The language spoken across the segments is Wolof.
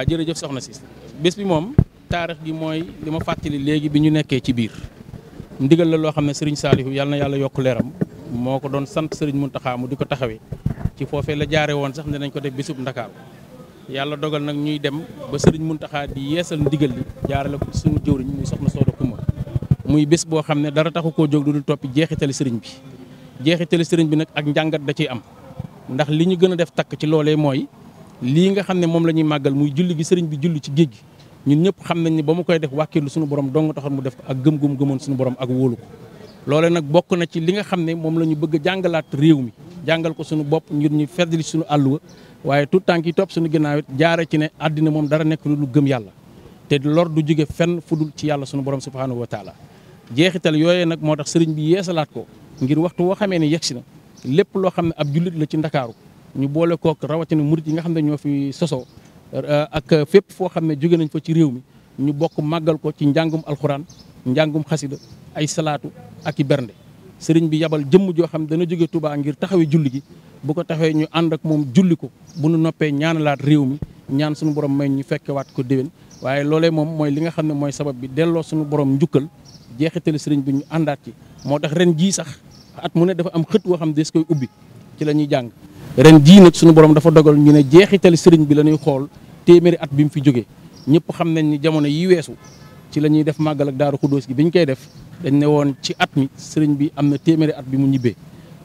waaw jërëjëf soxna si bés bi moom taarix gi mooy li ma fàttali léegi bi ñu nekkee ci biir ndigal la loo xam ne sëriñ Saalihu yàlla na yàlla yokk leeram moo ko doon sant sëriñ Muntaxa mu di ko taxawee ci foofee la jaare woon sax ne nañ ko def bésub Ndakaaru yàlla dogal nag ñuy dem ba sëriñ Muntaxa di yeesal ndigal li jaarale ko suñu jëwriñ muy soxna Sooda Kumba muy bés boo xam ne dara taxu koo jóg lu dul toppi jeexitali sëriñ bi jeexitali sëriñ bi nag ak njàngat da ciy am ndax li ñu gën a def takk ci loolee mooy lii nga xam ne moom la ñuy màggal muy julli gi sëriñ bi julli ci géej gi ñun ñëpp xam nañ ne ba mu koy def wàkkiirlu suñu borom dong taxoon mu def ko ak gëm-gëm gëmoon suñu borom ak wóolu ko loole nag bokk na ci li nga xam ne moom la ñu bëgg jàngalaat réew mi jàngal ko sunu bopp ngir ñu feddali suñu àlluwa waaye tout temps ki topp suñu ginnaaw it jaare ci ne àddina moom dara nekk lu lu gëm yàlla te lor du jóge fenn fu dul ci yàlla suñu borom subhaanahu wa taala jeexital yooyee nag moo tax sëriñ bi yeesalaat ko ngir waxtu woo xamee ne yegsi na lépp loo xam ne ab jullit la ci ndakaaru ñu boole kook rawatina mur yi nga xam ne ñoo fi sosoo euh, ak fépp foo xam ne jóge nañ fa ci réew mi ñu bokk màggal ko ci njàngum alxuraan njàngum xasida ay salaatu ak i bernde sëriñ bi yabal jëmm joo xam dana jóge tubaa ngir taxawee julli gi bu ko taxawee ñu ànd ak moom julli ko bu nu noppee ñaanalaat réew mi ñaan suñu borom may ñu waat ko déwén waaye loolee moom mooy li nga xam ne mooy sabab bi delloo suñu borom njukkal jeexitali sëriñ ñu àndaat ci moo tax ren jii sax at mu ne dafa am xët woo xam des koy ubbi ci la ñuy jàng ren jii nag suñu borom dafa dogal ñu ne jeexitali sëriñ bi la ñuy xool téeméeri at bi mu fi jógee ñëpp xam nañ ni jamono yi weesu ci la ñuy def màggal ak daaru xudóos gi bi ñu koy def dañ ne woon ci at mi sëriñ bi am na téeméeri at bi mu ñibbee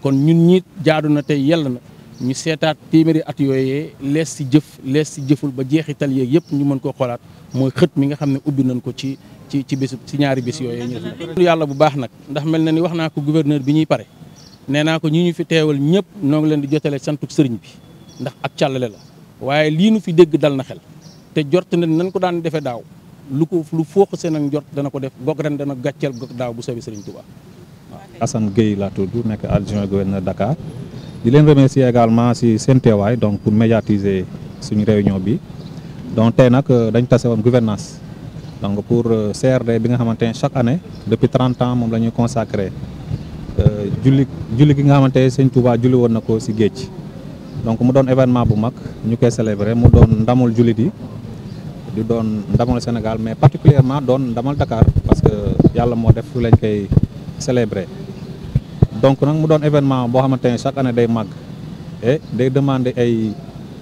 kon ñun ñii jaadu na tey yàlla na ñu seetaat téeméeri at yooyee lees si jëf lees si jëful ba jeexital yeeg yëpp ñu mën koo xoolaat mooy xët mi nga xam ne ubbi nañ ko ci ci ci bésu ci ñaari bés yooyee ñu yàlla bu baax nag ndax mel na ni wax naa ko gouverneur bi ñuy pare nee naa ko ñi ñu fi teewal ñëpp noo ngi leen di jotale santuk sëriñ bi ndax ak càllale la waaye lii nu fi dégg dal na xel te jot na nan ko daan defee daaw lu ko lu fooq seen ak jot dana ko def goog ren dana gàcceel goog daaw bu soobee sëriñ Touba. Assane Gueye laa tudd nekk adjoint gouverneur Dakar di leen remercier également si seen donc pour médiatiser suñu réunion bi donc tey nag euh, dañ tase woon gouvernance donc pour euh, CRD bi nga xamante ne chaque année depuis 30 ans moom la ñuy consacré Euh, julli julli gi nga xamante ne sëñ Touba julli woon na ko si géej donc mu doon événement bu mag ñu koy célébrer mu doon ndamul jullit yi du doon ndamal Sénégal mais particulièrement doon ndamal dakaar parce que yàlla moo def fu lañ koy célébrer donc nag mu doon événement boo xamante ne chaque année day màgg et day demander ay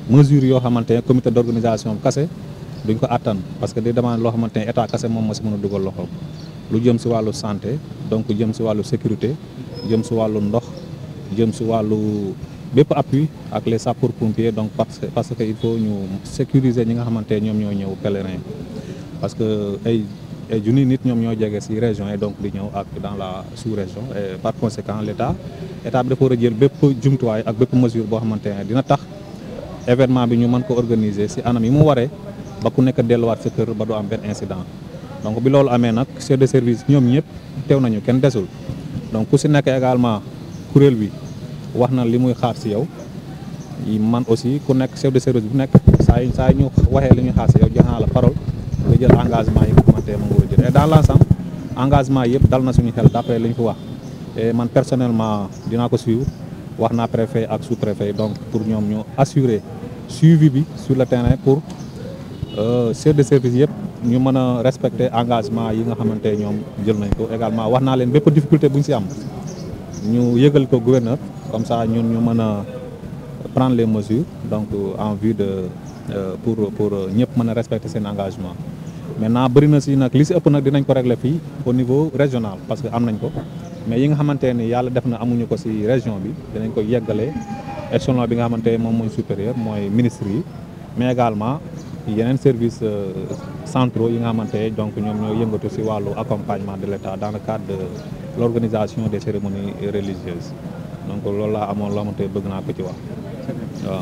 mesures yoo xamante ne comité d'organisation kase duñ ko àttan parce que day demander loo xamante ne état kase moom moo si mën a dugal lu jëm si wàllu santé donc jëm si wàllu sécurité jëm si wàllu ndox jëm su wàllu bépp appui ak les sapeurs pompiers donc parce que parce que il faut ñu sécuriser ñi nga xamante ne ñoom ñoo ñëw pèlerin parce que ay ay junni nit ñoom ñoo jege si région et donc di ñëw ak dans la sous-région et par conséquent l' état état bi dafa war a jël bépp jumtuwaay ak bépp mesure boo xamante ne dina tax événement bi ñu mën ko organiser si anam yi mu waree ba ku nekk delluwaat sa kër ba du am benn incident donc bi loolu amee nag chef de service ñoom ñëpp teew nañu kenn desul. donc ku si nekk également kuréel bi wax na li muy xaar si yow man aussi ku nekk chef de service bu nekk saa yu saa ñu waxee li ñuy xaar si yow jox naa la parole nga jël engagement yi nga xamante ne moom jël et dans la ensemble engagement yëpp dal na suñu xel d' après li wax et man personnellement dinaa ko suivre wax naa préfet ak sous préfet donc pour ñoom ñu assurer suivi bi sur le terrain pour euh, chef de service yëpp. ñu mën a respecter engagement yi nga xamante ñoom jël nañ ko également wax naa leen bépp difficulté buñ si am ñu yëgal ko gouverneur comme ça ñun ñu mën a prendre les mesures donc en vue de pour pour ñëpp mën a respecter seen engagement maintenant bëri na si nag li si ëpp nag dinañ ko régler fii au niveau régional parce que am nañ ko mais yi nga xamante ni yàlla def na amuñu ko si région bi dinañ ko yeggalee échelon bi nga xamante moom mooy supérieur mooy ministre yi yeneen service euh, centraux yi nga xamante ne donc ñoom ñoo yëngatu ci wàllu accompagnement de l'État dans le cadre de l'organisation des cérémonies religieuses donc loolu laa amoon loo xamante ne bëgg naa ko ci wax waaw